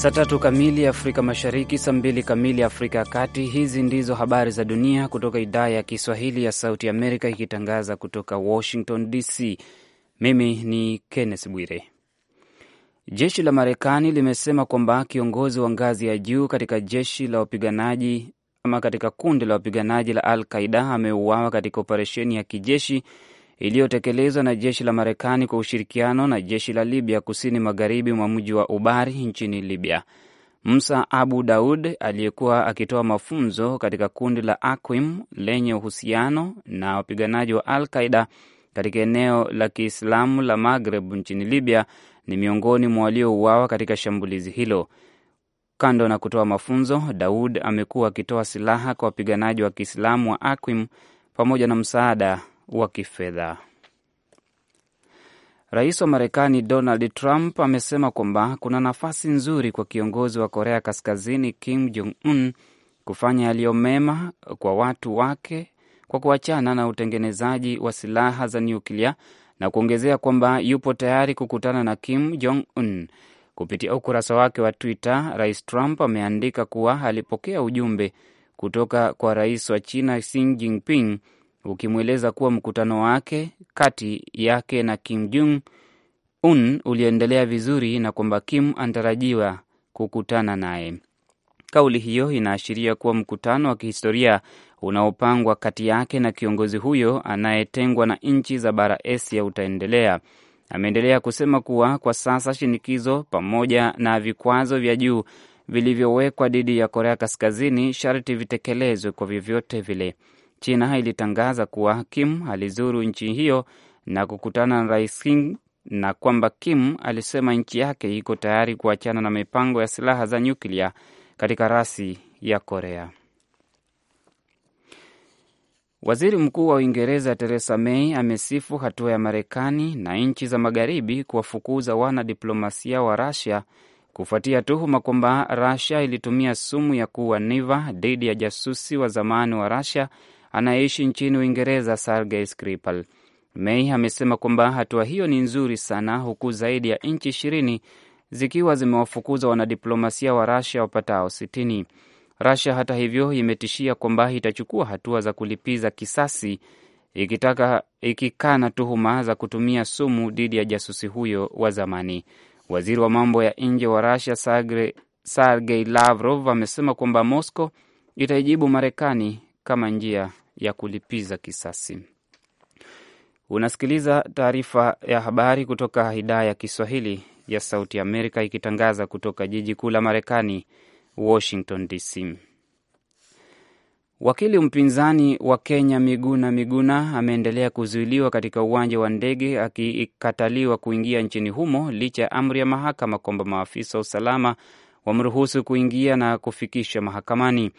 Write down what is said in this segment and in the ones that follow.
saa tatu kamili Afrika Mashariki, saa mbili kamili Afrika ya Kati. Hizi ndizo habari za dunia kutoka idhaa ya Kiswahili ya Sauti Amerika, ikitangaza kutoka Washington DC. Mimi ni Kenneth Bwire. Jeshi la Marekani limesema kwamba kiongozi wa ngazi ya juu katika jeshi la wapiganaji ama katika kundi la wapiganaji la Al Qaida ameuawa katika operesheni ya kijeshi iliyotekelezwa na jeshi la Marekani kwa ushirikiano na jeshi la Libya kusini magharibi mwa mji wa Ubari nchini Libya. Musa Abu Daud aliyekuwa akitoa mafunzo katika kundi la aqim lenye uhusiano na wapiganaji wa Al Qaida katika eneo la Kiislamu la Maghreb nchini Libya ni miongoni mwa waliouawa katika shambulizi hilo. Kando na kutoa mafunzo, Daud amekuwa akitoa silaha kwa wapiganaji wa Kiislamu wa aqim pamoja na msaada wa kifedha. Rais wa Marekani Donald Trump amesema kwamba kuna nafasi nzuri kwa kiongozi wa Korea Kaskazini Kim Jong Un kufanya yaliyo mema kwa watu wake kwa kuachana na utengenezaji wa silaha za nyuklia na kuongezea kwamba yupo tayari kukutana na Kim Jong Un. Kupitia ukurasa wake wa Twitter, Rais Trump ameandika kuwa alipokea ujumbe kutoka kwa rais wa China Xi Jinping ukimweleza kuwa mkutano wake kati yake na Kim Jong Un uliendelea vizuri na kwamba Kim anatarajiwa kukutana naye. Kauli hiyo inaashiria kuwa mkutano wa kihistoria unaopangwa kati yake na kiongozi huyo anayetengwa na nchi za bara Asia utaendelea. Ameendelea kusema kuwa kwa sasa shinikizo pamoja na vikwazo vya juu vilivyowekwa dhidi ya Korea Kaskazini sharti vitekelezwe kwa vyovyote vile. China ilitangaza kuwa Kim alizuru nchi hiyo na kukutana na rais Kim na kwamba Kim alisema nchi yake iko tayari kuachana na mipango ya silaha za nyuklia katika rasi ya Korea. Waziri Mkuu wa Uingereza Theresa May amesifu hatua ya Marekani na nchi za Magharibi kuwafukuza wanadiplomasia wa rasia kufuatia tuhuma kwamba rasia ilitumia sumu ya kuua niva dhidi ya jasusi wa zamani wa rasia anayeishi nchini Uingereza Sergey Skripal. mei amesema kwamba hatua hiyo ni nzuri sana, huku zaidi ya nchi ishirini zikiwa zimewafukuza wanadiplomasia wa Rasia wapatao sitini. Rasia hata hivyo imetishia kwamba itachukua hatua za kulipiza kisasi ikitaka ikikana tuhuma za kutumia sumu dhidi ya jasusi huyo wa zamani. Waziri wa mambo ya nje wa Rasia Sergey Lavrov amesema kwamba Moscow itaijibu Marekani kama njia ya kulipiza kisasi. Unasikiliza taarifa ya habari kutoka idhaa ya Kiswahili ya Sauti Amerika ikitangaza kutoka jiji kuu la Marekani, Washington DC. Wakili mpinzani wa Kenya Miguna Miguna ameendelea kuzuiliwa katika uwanja wa ndege akikataliwa kuingia nchini humo licha ya amri ya mahakama kwamba maafisa wa usalama wamruhusu kuingia na kufikisha mahakamani.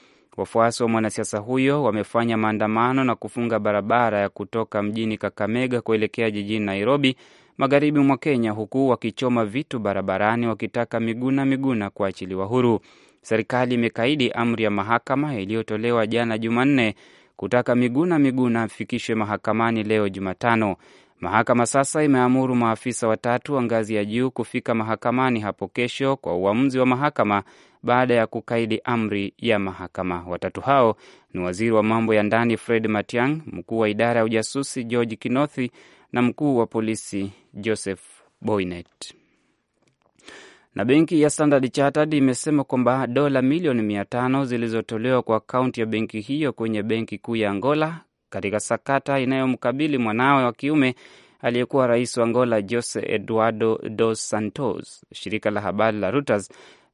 Wafuasi wa mwanasiasa huyo wamefanya maandamano na kufunga barabara ya kutoka mjini Kakamega kuelekea jijini Nairobi, magharibi mwa Kenya, huku wakichoma vitu barabarani wakitaka Miguna Miguna kuachiliwa huru. Serikali imekaidi amri ya mahakama iliyotolewa jana Jumanne kutaka Miguna Miguna afikishwe mahakamani leo Jumatano. Mahakama sasa imeamuru maafisa watatu wa ngazi ya juu kufika mahakamani hapo kesho kwa uamuzi wa mahakama baada ya kukaidi amri ya mahakama. Watatu hao ni waziri wa mambo ya ndani Fred Matiang, mkuu wa idara ya ujasusi George Kinothi na mkuu wa polisi Joseph Boynet. Na benki ya Standard Chartered imesema kwamba dola milioni mia tano zilizotolewa kwa akaunti ya benki hiyo kwenye benki kuu ya Angola katika sakata inayomkabili mwanawe wa kiume aliyekuwa rais wa Angola Jose Eduardo dos Santos. Shirika la habari la Reuters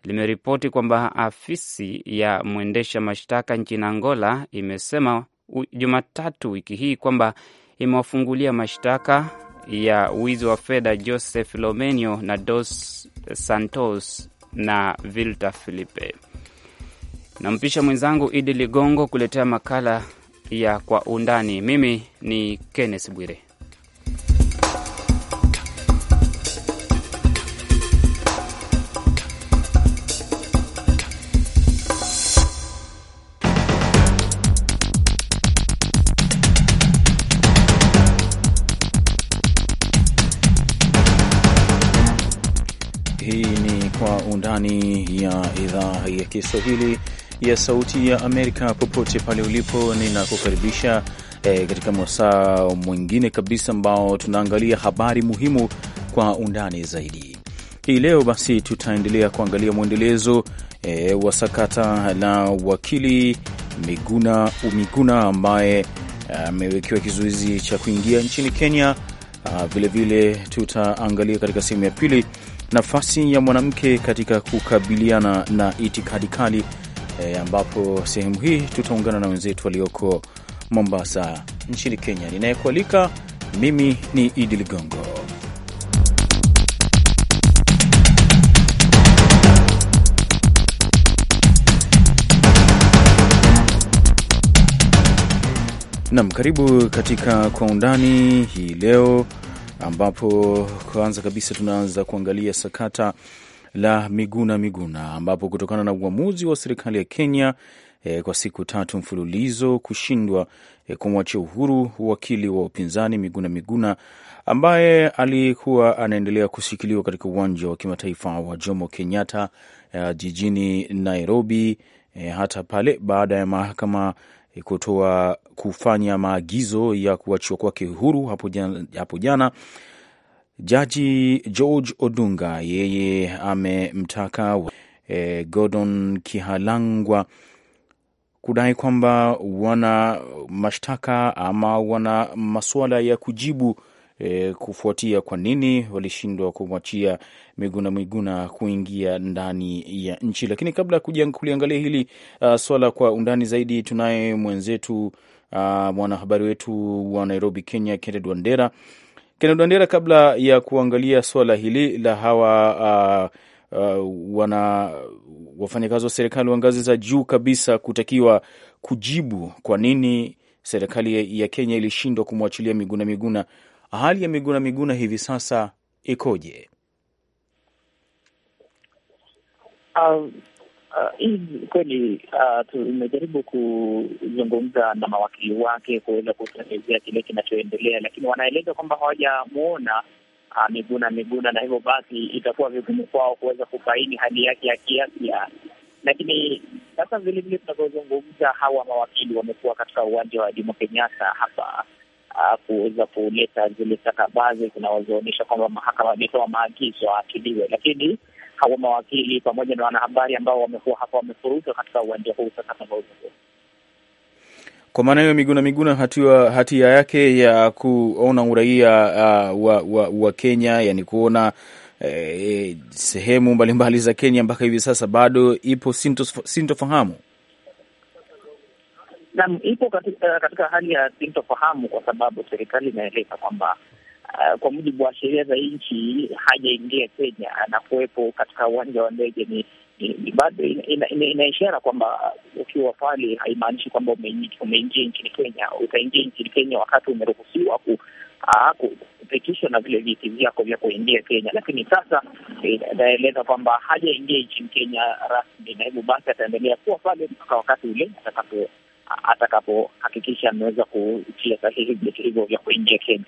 limeripoti kwamba afisi ya mwendesha mashtaka nchini Angola imesema Jumatatu wiki hii kwamba imewafungulia mashtaka ya wizi wa fedha Joseph Lomenio na Dos Santos na Vilta Filipe. Nampisha mwenzangu Idi Ligongo kuletea makala ya Kwa Undani. Mimi ni Kenneth Bwire. Kiswahili ya Sauti ya Amerika popote pale ulipo, ninakukaribisha e, katika mwasaa mwingine kabisa ambao tunaangalia habari muhimu kwa undani zaidi. Hii leo basi tutaendelea kuangalia mwendelezo e, wa sakata la wakili Miguna Umiguna ambaye eh, amewekewa kizuizi cha kuingia nchini Kenya Vilevile ah, tutaangalia katika sehemu ya pili nafasi ya mwanamke katika kukabiliana na itikadi kali e, ambapo sehemu hii tutaungana na wenzetu walioko Mombasa nchini Kenya. Ninayekualika mimi ni Idi Ligongo. Nam, karibu katika Kwa Undani hii leo, ambapo kwanza kabisa tunaanza kuangalia sakata la Miguna Miguna, ambapo kutokana na uamuzi wa serikali ya Kenya e, kwa siku tatu mfululizo kushindwa e, kumwachia uhuru wakili wa upinzani Miguna Miguna ambaye alikuwa anaendelea kushikiliwa katika uwanja wa kimataifa wa Jomo Kenyatta e, jijini Nairobi e, hata pale baada ya mahakama kutoa kufanya maagizo ya kuachiwa kwake huru hapo jana, hapo jana Jaji George Odunga yeye amemtaka e, Gordon Kihalangwa kudai kwamba wana mashtaka ama wana masuala ya kujibu e, kufuatia kwa nini walishindwa kumwachia Miguna Miguna kuingia ndani ya nchi. Lakini kabla ya kuliangalia hili uh, swala kwa undani zaidi, tunaye mwenzetu uh, mwanahabari wetu wa Nairobi, Kenya, Kennedy Wandera. Kennedy Wandera, kabla ya kuangalia suala hili la hawa uh, Uh, wana wafanyakazi wa serikali wa ngazi za juu kabisa kutakiwa kujibu kwa nini serikali ya Kenya ilishindwa kumwachilia Miguna Miguna. Hali ya Miguna Miguna hivi sasa ikoje? Um, Uh, hii uh, kweli uh, tumejaribu kuzungumza na mawakili wake kuweza kutuelezea kile kinachoendelea, lakini wanaeleza kwamba hawajamuona uh, Miguna Miguna, na hivyo basi itakuwa vigumu kwao kuweza kubaini hali yake ya kiafya. Lakini sasa vilevile tunavyozungumza, hawa mawakili wamekuwa katika uwanja wa Jomo Kenyatta hapa uh, kuweza kuleta zile stakabadhi zinazoonyesha kwamba mahakama imetoa maagizo aachiliwe, lakini hawa mawakili pamoja na wanahabari ambao wamekuwa hapa wamefurushwa katika uwanja huu sasa kwa maana hiyo Miguna Miguna hatia, hatia yake ya kuona uraia uh, wa, wa, wa Kenya, yani kuona eh, sehemu mbalimbali mbali za Kenya mpaka hivi sasa bado ipo sintofahamu. Naam, ipo katika, eh, katika hali ya sintofahamu kwa sababu serikali inaeleza kwamba uh, kwa mujibu wa sheria za nchi hajaingia Kenya, kuwepo katika uwanja wa ndege ni ni bado ina ishara kwamba ukiwa pale haimaanishi kwamba umeingia nchini Kenya. Utaingia nchini Kenya wakati umeruhusiwa ah, kupitishwa na vile viti vyako vya kuingia Kenya, lakini sasa eh, inaeleza kwamba hajaingia nchini Kenya rasmi, na hivyo basi ataendelea kuwa pale mpaka wakati ule atakapohakikisha ameweza kutia sahihi vyeti hivyo vya kuingia Kenya.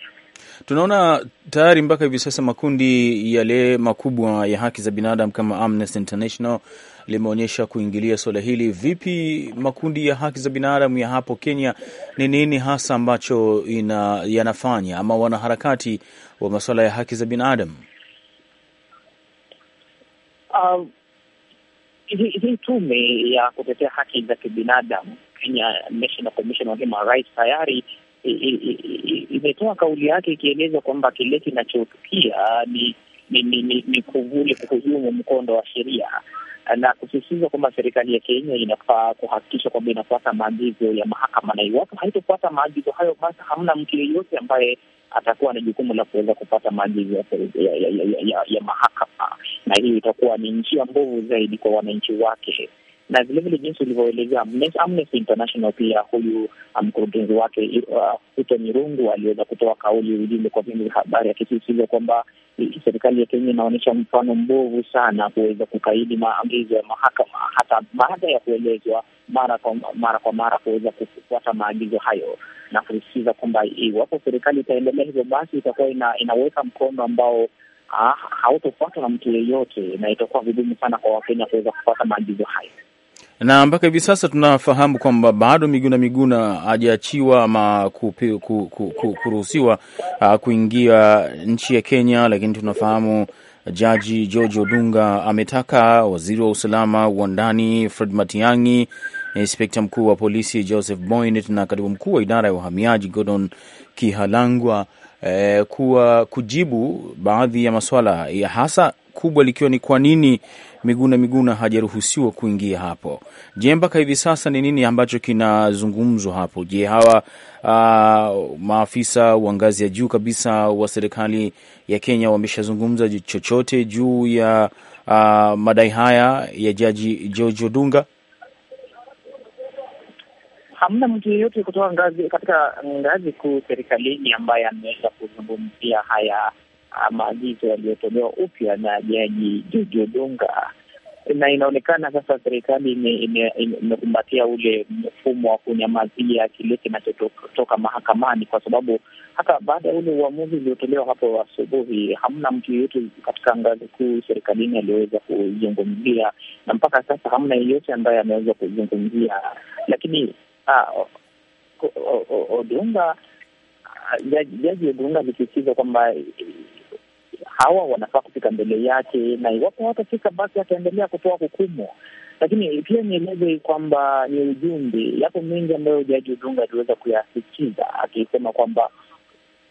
Tunaona tayari mpaka hivi sasa makundi yale makubwa ya haki za binadamu kama Amnesty International limeonyesha kuingilia suala hili. Vipi makundi ya haki za binadamu ya hapo Kenya, ni nini hasa ambacho ina, yanafanya ama wanaharakati wa masuala ya haki za binadamu? Um, hii tume ya kutetea haki za kibinadamu Kenya National Commission on Human Rights tayari imetoa kauli yake ikieleza kwamba kile kinachotukia ni ni ni ni kuvuli kuhujumu mkondo wa sheria na kusisitiza kwamba serikali ya Kenya inafaa kuhakikisha kwamba inafuata maagizo ya mahakama, na iwapo haitofuata maagizo hayo, basi hamna mtu yeyote ambaye atakuwa na jukumu la kuweza kupata maagizo ya, ya, ya, ya, ya mahakama, na hiyo itakuwa ni njia mbovu zaidi kwa wananchi wake na vilevile jinsi ulivyoelezea Amnesty International, pia huyu um, mkurugenzi wake uh, Ruto uh, Mirungu aliweza kutoa kauli, ujumbe kwa vyombo vya habari, akisisitiza kwamba serikali ya Kenya inaonyesha mfano mbovu sana kuweza kukaidi maagizo ya mahakama hata baada ya kuelezwa mara kwa mara kwa mara kuweza kufuata maagizo hayo, na kusisitiza kwamba iwapo serikali itaendelea hivyo, basi itakuwa ina, inaweka mkono ambao ah, hautofuatwa na mtu yeyote na itakuwa vigumu sana kwa Wakenya kuweza kufuata maagizo hayo na mpaka hivi sasa tunafahamu kwamba bado Miguna Miguna hajaachiwa ama kuruhusiwa ah, kuingia nchi ya Kenya, lakini tunafahamu Jaji George Odunga ametaka waziri wa usalama wa ndani Fred Matiang'i, inspekta mkuu wa polisi Joseph Boynet na katibu mkuu wa idara ya uhamiaji Gordon Kihalangwa eh, kuwa kujibu baadhi ya maswala ya hasa kubwa likiwa ni kwa nini Miguna Miguna hajaruhusiwa kuingia hapo. Je, mpaka hivi sasa ni nini ambacho kinazungumzwa hapo? Je, hawa uh, maafisa wa ngazi ya juu kabisa wa serikali ya Kenya wameshazungumza chochote juu ya uh, madai haya ya Jaji George Odunga? Hamna mtu yeyote kutoka ngazi katika ngazi kuu serikalini ambaye ameweza kuzungumzia haya Ah, maagizo yaliyotolewa upya na Jaji Jojo Odunga, na inaonekana sasa serikali imekumbatia ule mfumo wa kunyamazia kile kinachotoka mahakamani, kwa sababu hata baada ya ule uamuzi uliotolewa hapo asubuhi, hamna mtu yeyote katika ngazi kuu serikalini aliyoweza kuzungumzia, na mpaka sasa hamna yeyote ambaye ameweza kuzungumzia. Lakini ah, Odunga, ah, jaji Odunga alisisitiza kwamba hawa wanafaa kufika mbele yake, na iwapo watafika basi ataendelea kutoa hukumu. Lakini pia nieleze kwamba ni ujumbe, yapo mengi ambayo Jaji udunga aliweza kuyasikiza, akisema kwamba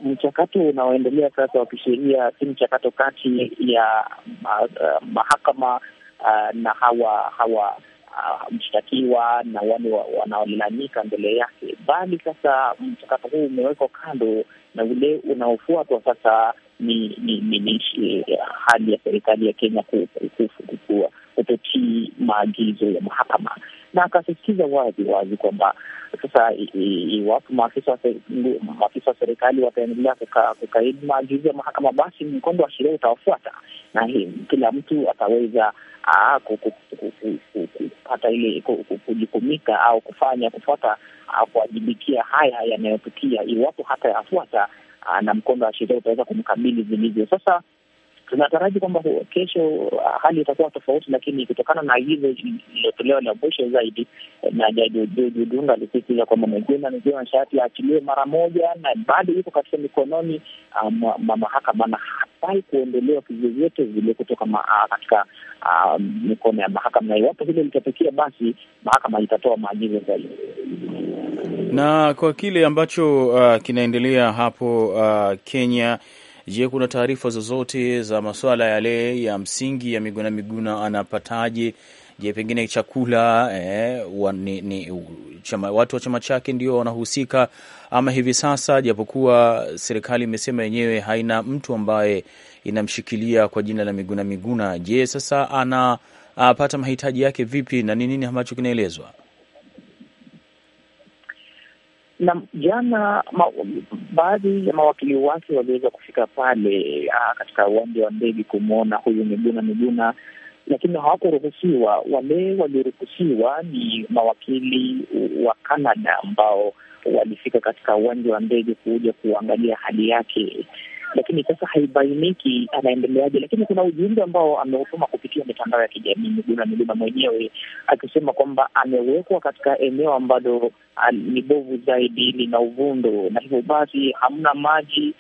mchakato unaoendelea sasa wa kisheria si mchakato kati ya uh, mahakama uh, na hawa hawa Uh, mshtakiwa na wale wanaolalamika mbele yake, bali sasa mchakato huu umewekwa kando na ule unaofuatwa sasa ni ni, ni, ni eh, hali ya serikali ya Kenya kutotii maagizo ya mahakama, na akasisitiza wazi wazi kwamba sasa iwapo maafisa wa serikali wataendelea kuka, kukaidi maagizo ya mahakama, basi mkondo wa sheria utawafuata na hii, kila mtu ataweza kupata ile kujukumika au kufanya kufuata kuwajibikia haya yanayotukia iwapo hata yafuata Ah, na mkondo wa sheria utaweza kumkabili vilivyo. Sasa tunataraji kwamba kesho ah, hali itakuwa tofauti, lakini kutokana na agizo iliyotolewa la mwisho zaidi eh, na Jaji George Odunga alisisitiza kwamba Miguna Miguna sharti aachiliwe mara moja, na bado yuko katika mikononi ah, mwa mahakama na hafai kuondolewa kivyovyote vile kutoka ah, katika mikono ya mahakama, na iwapo hilo litatokea, basi mahakama itatoa maagizo zaidi na kwa kile ambacho uh, kinaendelea hapo uh, Kenya. Je, kuna taarifa zozote za masuala yale ya msingi ya Miguna Miguna anapataje? Je, pengine chakula eh, wa, ni, ni, chama, watu wa chama chake ndio wanahusika ama hivi sasa, japokuwa serikali imesema yenyewe haina mtu ambaye inamshikilia kwa jina la Miguna Miguna. Je, sasa anapata mahitaji yake vipi na ni nini ambacho kinaelezwa? na jana baadhi ya mawakili wake waliweza kufika pale aa, ah, katika uwanja wa ndege kumwona huyu Miguna Miguna, lakini hawakuruhusiwa. Wale walioruhusiwa ni mawakili wa Kanada ambao walifika katika uwanja wa ndege kuja kuangalia hali yake lakini sasa haibainiki anaendeleaje. Lakini kuna ujumbe ambao ameutuma kupitia mitandao ya kijamii Miguna Miguna mwenyewe akisema kwamba amewekwa katika eneo ambalo ni bovu zaidi, lina uvundo, na hivyo basi hamna maji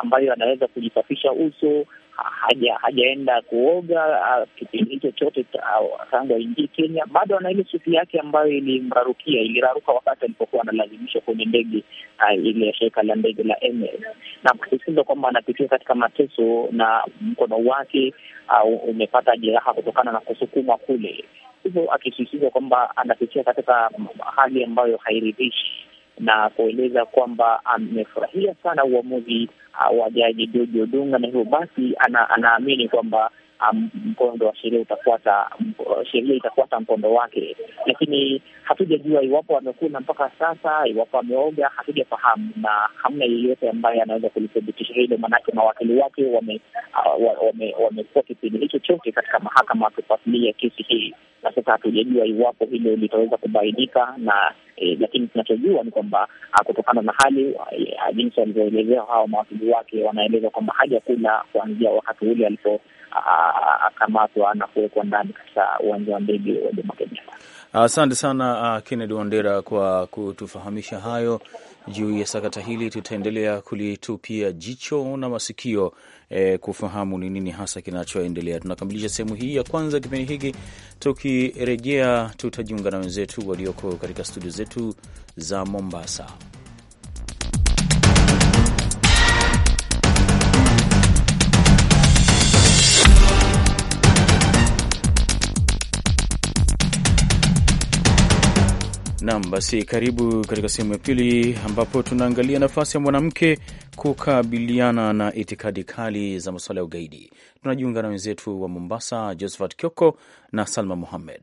ambayo anaweza kujisafisha uso haja hajaenda kuoga kipindi hicho chote tangu aingie Kenya, bado ana ile suti yake ambayo ilimrarukia, iliraruka wakati alipokuwa analazimishwa kwenye ndege ile ya shirika la ndege la Emirates, na kusisitiza kwamba anapitia katika mateso na mkono wake umepata jeraha kutokana na kusukumwa kule, hivyo akisisitiza kwamba anapitia katika hali ambayo hairidhishi na kueleza kwamba amefurahia sana uamuzi uh, wa jaji George Odunga, na hivyo basi anaamini ana kwamba um, mkondo wa sheria utafuata sheria itafuata mkondo wake, lakini hatujajua iwapo amekula mpaka sasa, iwapo ameoga, hatujafahamu na hamna yeyote ambaye anaweza kulithibitisha hilo, maanake mawakili wake uh, wamekuwa uh, wame, wame kipindi hicho chote katika mahakama wakifuatilia kesi hii na sasa hatujajua iwapo hilo litaweza kubainika na e, lakini tunachojua ni kwamba ah, kutokana na hali eh, jinsi walivyoelezea hawa mawakili wake, wanaeleza kwamba hajakula kuanzia wakati ule alipokamatwa ah, na kuwekwa ndani katika uwanja wa ndege wa Jomo Kenyatta. Asante sana ah, Kennedy Wandera kwa kutufahamisha hayo juu ya sakata hili. Tutaendelea kulitupia jicho na masikio eh, kufahamu ni nini hasa kinachoendelea. Tunakamilisha sehemu hii ya kwanza kipindi hiki. Tukirejea tutajiunga na wenzetu walioko katika studio zetu za Mombasa. Nam, basi karibu katika sehemu ya pili ambapo tunaangalia nafasi ya mwanamke kukabiliana na itikadi kali za masuala ya ugaidi. Tunajiunga na wenzetu wa Mombasa, Josephat Kioko na Salma muhammed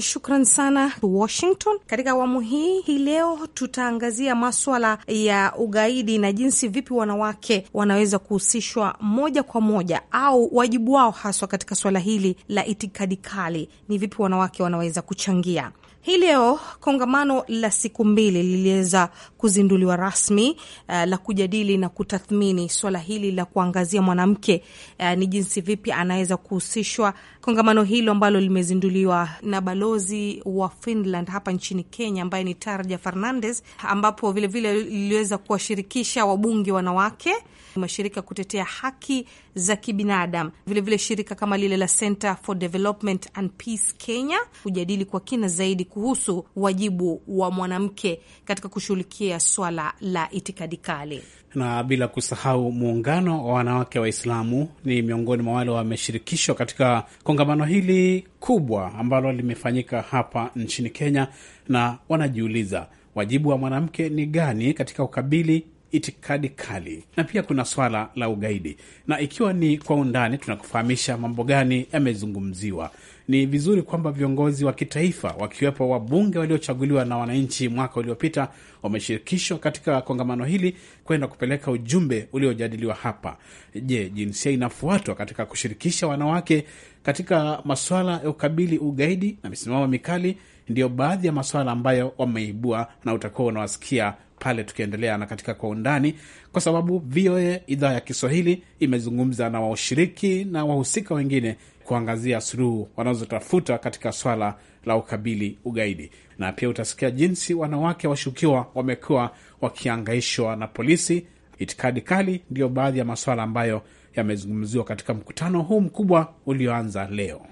Shukran sana Washington. Katika awamu hii hii leo tutaangazia maswala ya ugaidi na jinsi vipi wanawake wanaweza kuhusishwa moja kwa moja au wajibu wao haswa katika swala hili la itikadi kali. Ni vipi wanawake wanaweza kuchangia? Hii leo kongamano la siku mbili liliweza kuzinduliwa rasmi, uh, la kujadili na kutathmini swala hili la kuangazia mwanamke uh, ni jinsi vipi anaweza kuhusishwa. Kongamano hilo ambalo limezinduliwa na balozi wa Finland hapa nchini Kenya ambaye ni Tarja Fernandes, ambapo vilevile liliweza kuwashirikisha wabunge wanawake mashirika kutetea haki za kibinadamu, vilevile shirika kama lile la Center for Development and Peace Kenya kujadili kwa kina zaidi kuhusu wajibu wa mwanamke katika kushughulikia swala la itikadi kali na bila kusahau muungano wa wanawake Waislamu ni miongoni mwa wale wameshirikishwa katika kongamano hili kubwa ambalo limefanyika hapa nchini Kenya, na wanajiuliza wajibu wa mwanamke ni gani katika ukabili itikadi kali, na pia kuna swala la ugaidi. Na ikiwa ni kwa undani, tunakufahamisha mambo gani yamezungumziwa. Ni vizuri kwamba viongozi wa kitaifa wakiwepo wabunge waliochaguliwa na wananchi mwaka uliopita wameshirikishwa katika kongamano hili kwenda kupeleka ujumbe uliojadiliwa hapa. Je, jinsia inafuatwa katika kushirikisha wanawake katika maswala ya ukabili, ugaidi na misimamo mikali? Ndiyo baadhi ya maswala ambayo wameibua na utakuwa unawasikia pale tukiendelea na katika kwa undani, kwa sababu VOA idhaa ya Kiswahili imezungumza na washiriki na wahusika wengine kuangazia suluhu wanazotafuta katika swala la ukabili ugaidi, na pia utasikia jinsi wanawake washukiwa wamekuwa wakiangaishwa na polisi. Itikadi kali ndiyo baadhi ya maswala ambayo yamezungumziwa katika mkutano huu mkubwa ulioanza leo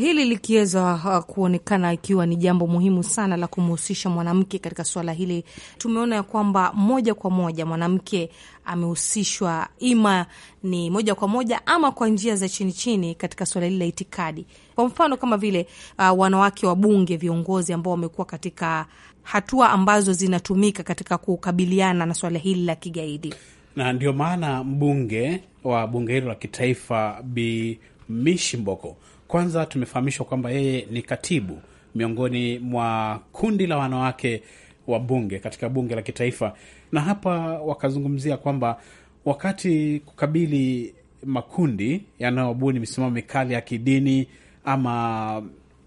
hili likiweza kuonekana ikiwa ni jambo muhimu sana la kumhusisha mwanamke katika suala hili, tumeona ya kwamba moja kwa moja mwanamke amehusishwa, ima ni moja kwa moja ama kwa njia za chini chini, katika suala hili la itikadi. Kwa mfano kama vile uh, wanawake wa bunge, viongozi ambao wamekuwa katika hatua ambazo zinatumika katika kukabiliana na suala hili la kigaidi, na ndio maana mbunge wa bunge hilo la kitaifa Bi Mishi Mboko kwanza tumefahamishwa kwamba yeye ni katibu miongoni mwa kundi la wanawake wa bunge katika bunge la kitaifa, na hapa wakazungumzia kwamba wakati kukabili makundi yanayobuni misimamo mikali ya kidini ama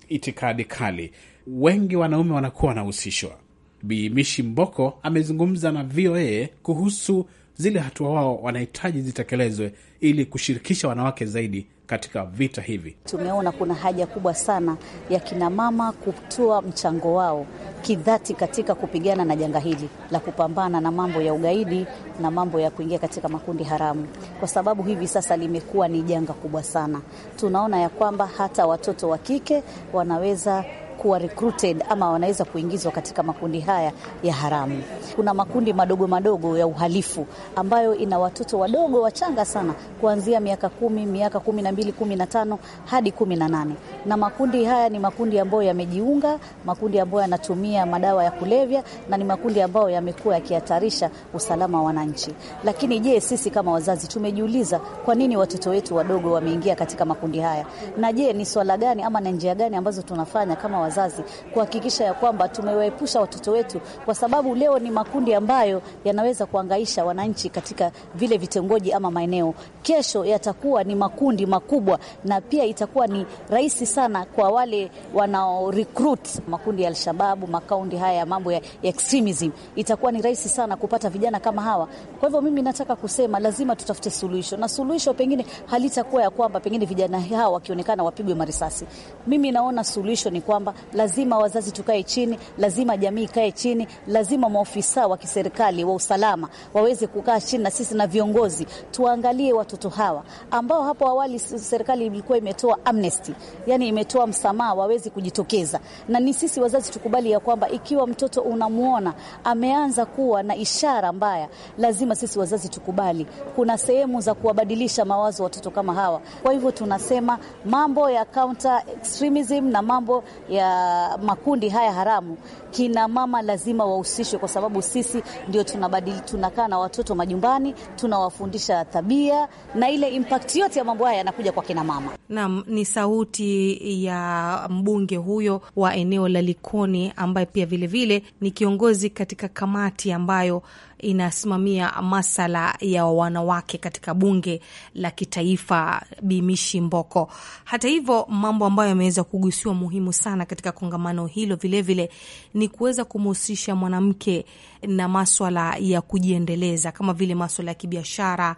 itikadi kali, wengi wanaume wanakuwa wanahusishwa. Bi Mishi Mboko amezungumza na VOA kuhusu zile hatua wao wanahitaji zitekelezwe ili kushirikisha wanawake zaidi katika vita hivi. Tumeona kuna haja kubwa sana ya kinamama kutoa mchango wao kidhati katika kupigana na janga hili la kupambana na mambo ya ugaidi na mambo ya kuingia katika makundi haramu, kwa sababu hivi sasa limekuwa ni janga kubwa sana. Tunaona ya kwamba hata watoto wa kike wanaweza kuwa recruited ama wanaweza kuingizwa katika makundi haya ya haramu. Kuna makundi madogo madogo ya uhalifu ambayo ina watoto wadogo wachanga sana kuanzia miaka kumi, miaka kumi na mbili, kumi na tano hadi kumi na nane. Na makundi haya ni makundi ambayo yamejiunga, makundi ambayo yanatumia madawa ya kulevya na ni makundi ambayo yamekuwa yakihatarisha usalama wa wananchi. Lakini je, sisi kama wazazi tumejiuliza kwa nini watoto wetu wadogo wameingia katika makundi haya? Na je, ni swala gani ama ni njia gani ambazo tunafanya kama wazazi kuhakikisha ya kwamba tumewaepusha watoto wetu, kwa sababu leo ni makundi ambayo yanaweza kuangaisha wananchi katika vile vitongoji ama maeneo. Kesho yatakuwa ni makundi makubwa, na pia itakuwa ni rahisi sana kwa wale wanao recruit makundi ya Alshababu, makaundi haya ya mambo ya extremism, itakuwa ni rahisi sana kupata vijana kama hawa. Kwa hivyo mimi nataka kusema lazima tutafute suluhisho, na suluhisho pengine halitakuwa ya kwamba pengine vijana hawa wakionekana wapigwe marisasi. Mimi naona suluhisho ni kwamba lazima wazazi tukae chini, lazima jamii ikae chini, lazima maofisa wa kiserikali wa usalama waweze kukaa chini na sisi na viongozi tuangalie watoto hawa ambao hapo awali serikali ilikuwa imetoa amnesty, yani imetoa msamaha, waweze kujitokeza. Na ni sisi wazazi tukubali ya kwamba ikiwa mtoto unamwona ameanza kuwa na ishara mbaya, lazima sisi wazazi tukubali kuna sehemu za kuwabadilisha mawazo watoto kama hawa. Kwa hivyo tunasema mambo ya counter extremism na mambo ya ya makundi haya haramu, kina mama lazima wahusishwe, kwa sababu sisi ndio tunabadili, tunakaa na watoto majumbani, tunawafundisha tabia na ile impact yote ya mambo haya yanakuja kwa kina mama. Naam, ni sauti ya mbunge huyo wa eneo la Likoni ambaye pia vilevile vile ni kiongozi katika kamati ambayo inasimamia masala ya wanawake katika bunge la kitaifa bimishi Mboko. Hata hivyo, mambo ambayo yameweza kugusiwa muhimu sana katika kongamano hilo vilevile vile, ni kuweza kumhusisha mwanamke na maswala ya kujiendeleza kama vile maswala ya kibiashara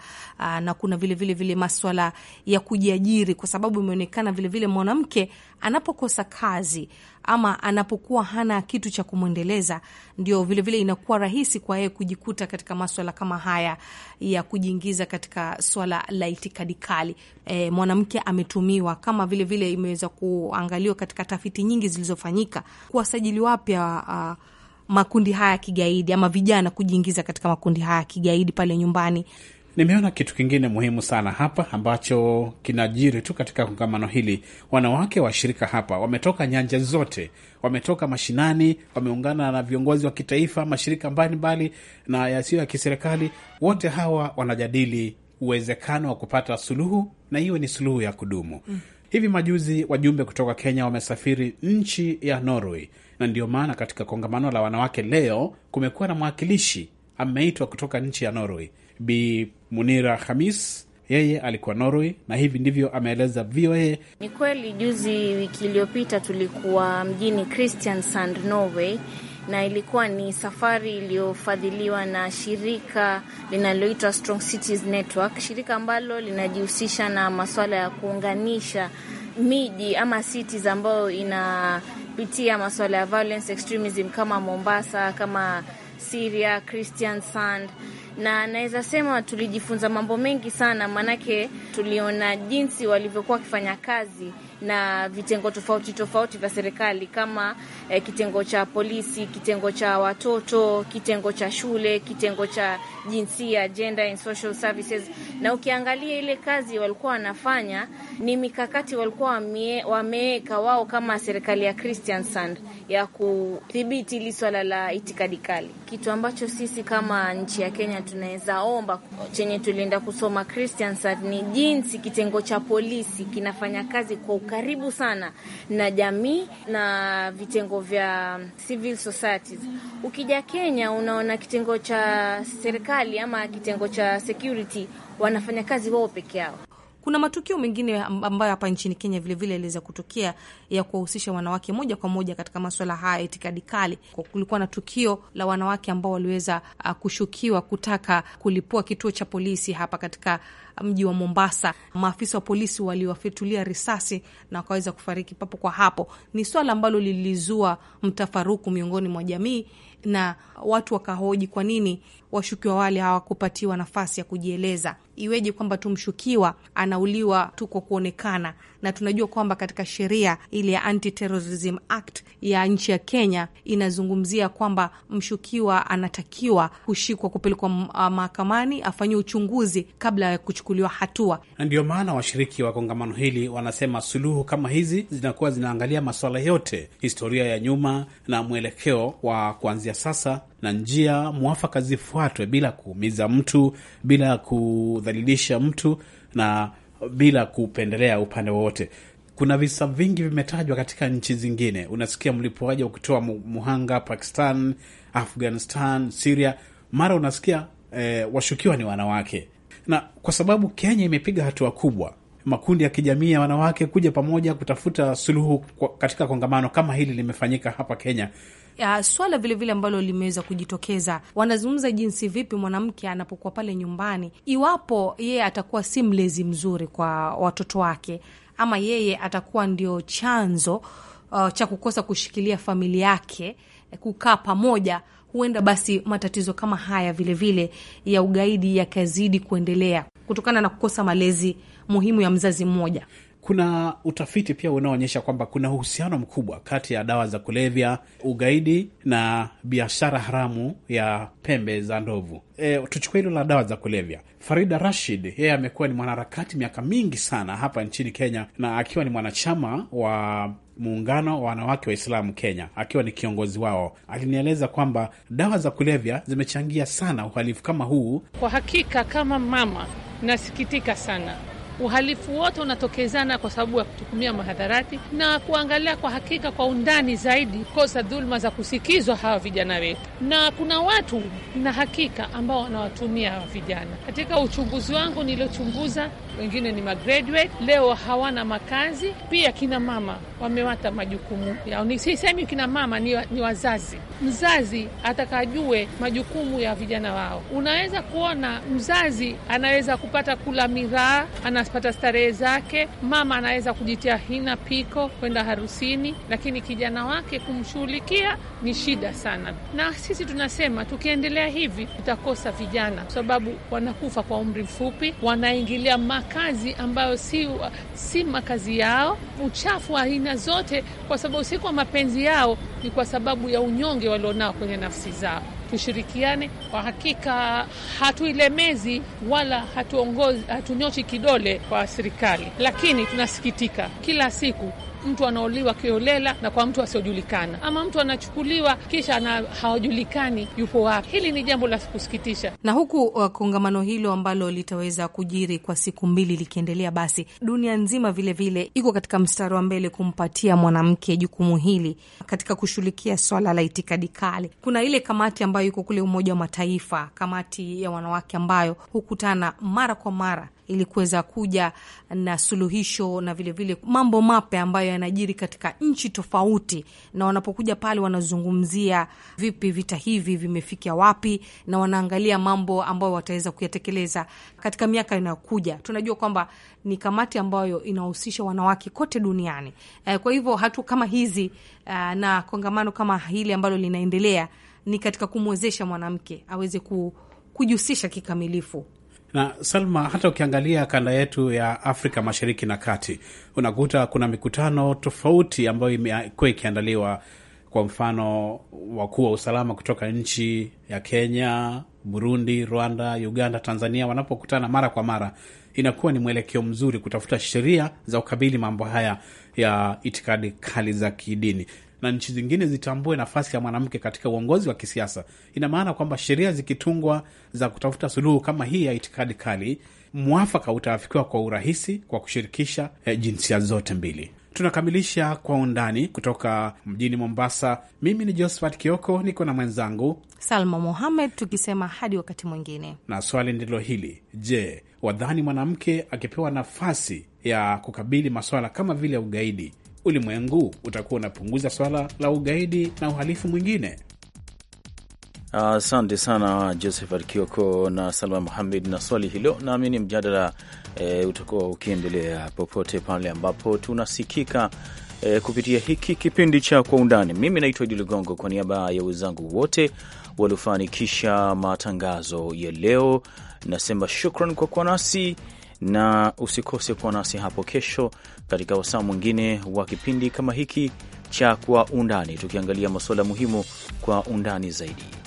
na kuna vilevile vile vile maswala ya kujiajiri, kwa sababu imeonekana vilevile mwanamke anapokosa kazi ama anapokuwa hana kitu cha kumwendeleza, ndio vilevile inakuwa rahisi kwa yeye kujikuta katika maswala kama haya ya kujiingiza katika swala la itikadi kali. E, mwanamke ametumiwa kama vilevile, imeweza kuangaliwa katika tafiti nyingi zilizofanyika kuwasajili wapya uh, makundi haya ya kigaidi ama vijana kujiingiza katika makundi haya ya kigaidi pale nyumbani. Nimeona kitu kingine muhimu sana hapa ambacho kinajiri tu katika kongamano hili. Wanawake washirika hapa wametoka nyanja zote, wametoka mashinani, wameungana na viongozi wa kitaifa, mashirika mbalimbali na yasiyo ya kiserikali. Wote hawa wanajadili uwezekano wa kupata suluhu na hiyo ni suluhu ya kudumu mm. Hivi majuzi wajumbe kutoka Kenya wamesafiri nchi ya Norway, na ndio maana katika kongamano la wanawake leo kumekuwa na mwakilishi ameitwa kutoka nchi ya Norway. Bi Munira Khamis yeye alikuwa Norway na hivi ndivyo ameeleza VOA. Ni kweli juzi, wiki iliyopita, tulikuwa mjini Kristiansand, Norway, na ilikuwa ni safari iliyofadhiliwa na shirika linaloitwa Strong Cities Network, shirika ambalo linajihusisha na masuala ya kuunganisha miji ama cities ambayo inapitia masuala ya violence extremism, kama Mombasa, kama Syria, Kristiansand na naweza sema tulijifunza mambo mengi sana, maanake tuliona jinsi walivyokuwa wakifanya kazi na vitengo tofauti tofauti vya serikali kama eh, kitengo cha polisi, kitengo cha watoto, kitengo cha shule, kitengo cha jinsia, gender and social services. Na ukiangalia ile kazi walikuwa wanafanya, ni mikakati walikuwa wameweka wao kama serikali ya Christian Sand ya kudhibiti hili swala la itikadi kali, kitu ambacho sisi kama nchi ya Kenya tunaweza omba chenye tulienda kusoma Christian Sand ni jinsi kitengo cha polisi kinafanya kazi kwa karibu sana na jamii na vitengo vya civil societies. Ukija Kenya, unaona kitengo cha serikali ama kitengo cha security wanafanya kazi wao peke yao. Kuna matukio mengine ambayo hapa nchini Kenya vilevile yaliweza kutokea ya kuwahusisha wanawake moja kwa moja katika maswala haya itikadi kali. Kulikuwa na tukio la wanawake ambao waliweza ah, kushukiwa kutaka kulipua kituo cha polisi hapa katika ah, mji wa Mombasa. Maafisa wa polisi waliwafitulia risasi na wakaweza kufariki papo kwa hapo. Ni swala ambalo lilizua mtafaruku miongoni mwa jamii na watu wakahoji kwa nini washukiwa wale hawakupatiwa nafasi ya kujieleza. Iweje kwamba tu mshukiwa anauliwa tu kwa kuonekana? Na tunajua kwamba katika sheria ile ya Anti-Terrorism Act ya nchi ya Kenya inazungumzia kwamba mshukiwa anatakiwa kushikwa, kupelekwa uh, mahakamani, afanyiwe uchunguzi kabla ya kuchukuliwa hatua. Na ndio maana washiriki wa kongamano hili wanasema suluhu kama hizi zinakuwa zinaangalia masuala yote, historia ya nyuma na mwelekeo wa kuanzia sasa na njia mwafaka zifuatwe bila kuumiza mtu, bila kudhalilisha mtu na bila kupendelea upande wowote. Kuna visa vingi vimetajwa katika nchi zingine. Unasikia mlipuaji ukitoa muhanga Pakistan, Afghanistan, Siria, mara unasikia e, washukiwa ni wanawake. Na kwa sababu Kenya imepiga hatua kubwa, makundi ya kijamii ya wanawake kuja pamoja kutafuta suluhu katika kongamano kama hili limefanyika hapa Kenya, Uh, swala vilevile ambalo limeweza kujitokeza, wanazungumza jinsi vipi mwanamke anapokuwa pale nyumbani, iwapo yeye atakuwa si mlezi mzuri kwa watoto wake ama yeye atakuwa ndio chanzo uh, cha kukosa kushikilia familia yake eh, kukaa pamoja huenda basi matatizo kama haya vilevile vile ya ugaidi yakazidi kuendelea kutokana na kukosa malezi muhimu ya mzazi mmoja. Kuna utafiti pia unaoonyesha kwamba kuna uhusiano mkubwa kati ya dawa za kulevya, ugaidi na biashara haramu ya pembe za ndovu. E, tuchukue hilo la dawa za kulevya. Farida Rashid yeye amekuwa ni mwanaharakati miaka mingi sana hapa nchini Kenya, na akiwa ni mwanachama wa muungano wa wanawake Waislamu Kenya, akiwa ni kiongozi wao, alinieleza kwamba dawa za kulevya zimechangia sana uhalifu kama huu. Kwa hakika, kama mama nasikitika sana uhalifu wote unatokezana kwa sababu ya kutukumia mahadharati na kuangalia kwa hakika kwa undani zaidi kosa dhuluma za kusikizwa hawa vijana wetu, na kuna watu na hakika ambao wanawatumia hawa vijana. Katika uchunguzi wangu niliochunguza, wengine ni magraduate leo hawana makazi, pia kina mama wamewata majukumu yao. nisisemi kina mama, ni, ni wazazi. Mzazi atakajue majukumu ya vijana wao. Unaweza kuona mzazi anaweza kupata kula miraa ana anapata starehe zake, mama anaweza kujitia hina piko kwenda harusini, lakini kijana wake kumshughulikia ni shida sana. Na sisi tunasema tukiendelea hivi tutakosa vijana, kwa sababu wanakufa kwa umri mfupi, wanaingilia makazi ambayo si, si makazi yao, uchafu wa aina zote, kwa sababu si kwa mapenzi yao, ni kwa sababu ya unyonge walionao kwenye nafsi zao tushirikiane. Kwa hakika hatuilemezi wala hatuongozi, hatunyoshi kidole kwa serikali, lakini tunasikitika kila siku mtu anaoliwa kiolela na kwa mtu asiojulikana, ama mtu anachukuliwa kisha na hawajulikani yupo wapi. Hili ni jambo la kusikitisha. Na huku uh, kongamano hilo ambalo litaweza kujiri kwa siku mbili likiendelea, basi dunia nzima vilevile vile iko katika mstari wa mbele kumpatia mwanamke jukumu hili katika kushughulikia swala la itikadi kali. Kuna ile kamati ambayo iko kule Umoja wa Mataifa, kamati ya wanawake ambayo hukutana mara kwa mara ili kuweza kuja na suluhisho na vilevile vile mambo mapya ambayo yanajiri katika nchi tofauti, na wanapokuja pale wanazungumzia vipi vita hivi vimefikia wapi, na wanaangalia mambo ambayo wataweza kuyatekeleza katika miaka inayokuja. Tunajua kwamba ni kamati ambayo inahusisha wanawake kote duniani. Eh, kwa hivyo hatua kama hizi eh, na kongamano kama hili ambalo linaendelea ni katika kumwezesha mwanamke aweze ku kujihusisha kikamilifu na Salma, hata ukiangalia kanda yetu ya Afrika Mashariki na Kati, unakuta kuna mikutano tofauti ambayo imekuwa ikiandaliwa. Kwa mfano, wakuu wa usalama kutoka nchi ya Kenya, Burundi, Rwanda, Uganda, Tanzania wanapokutana mara kwa mara, inakuwa ni mwelekeo mzuri kutafuta sheria za kukabili mambo haya ya itikadi kali za kidini na nchi zingine zitambue nafasi ya mwanamke katika uongozi wa kisiasa. Ina maana kwamba sheria zikitungwa za kutafuta suluhu kama hii ya itikadi kali, mwafaka utaafikiwa kwa urahisi kwa kushirikisha eh, jinsia zote mbili. Tunakamilisha kwa undani kutoka mjini Mombasa. Mimi ni Josephat Kioko, niko na mwenzangu Salma Mohamed, tukisema hadi wakati mwingine. Na swali ndilo hili: je, wadhani mwanamke akipewa nafasi ya kukabili maswala kama vile ugaidi ulimwengu utakuwa unapunguza swala la ugaidi na uhalifu mwingine. Asante uh, sana Josephat Kioko na Salma Muhamed na swali hilo. Naamini mjadala e, utakuwa ukiendelea popote pale ambapo tunasikika e, kupitia hiki kipindi cha Kwa Undani. Mimi naitwa Idi Ligongo, kwa niaba ya wenzangu wote waliofanikisha matangazo ya leo nasema shukran kwa kuwa nasi na usikose kuwa nasi hapo kesho katika wasaa mwingine wa kipindi kama hiki cha Kwa Undani, tukiangalia masuala muhimu kwa undani zaidi.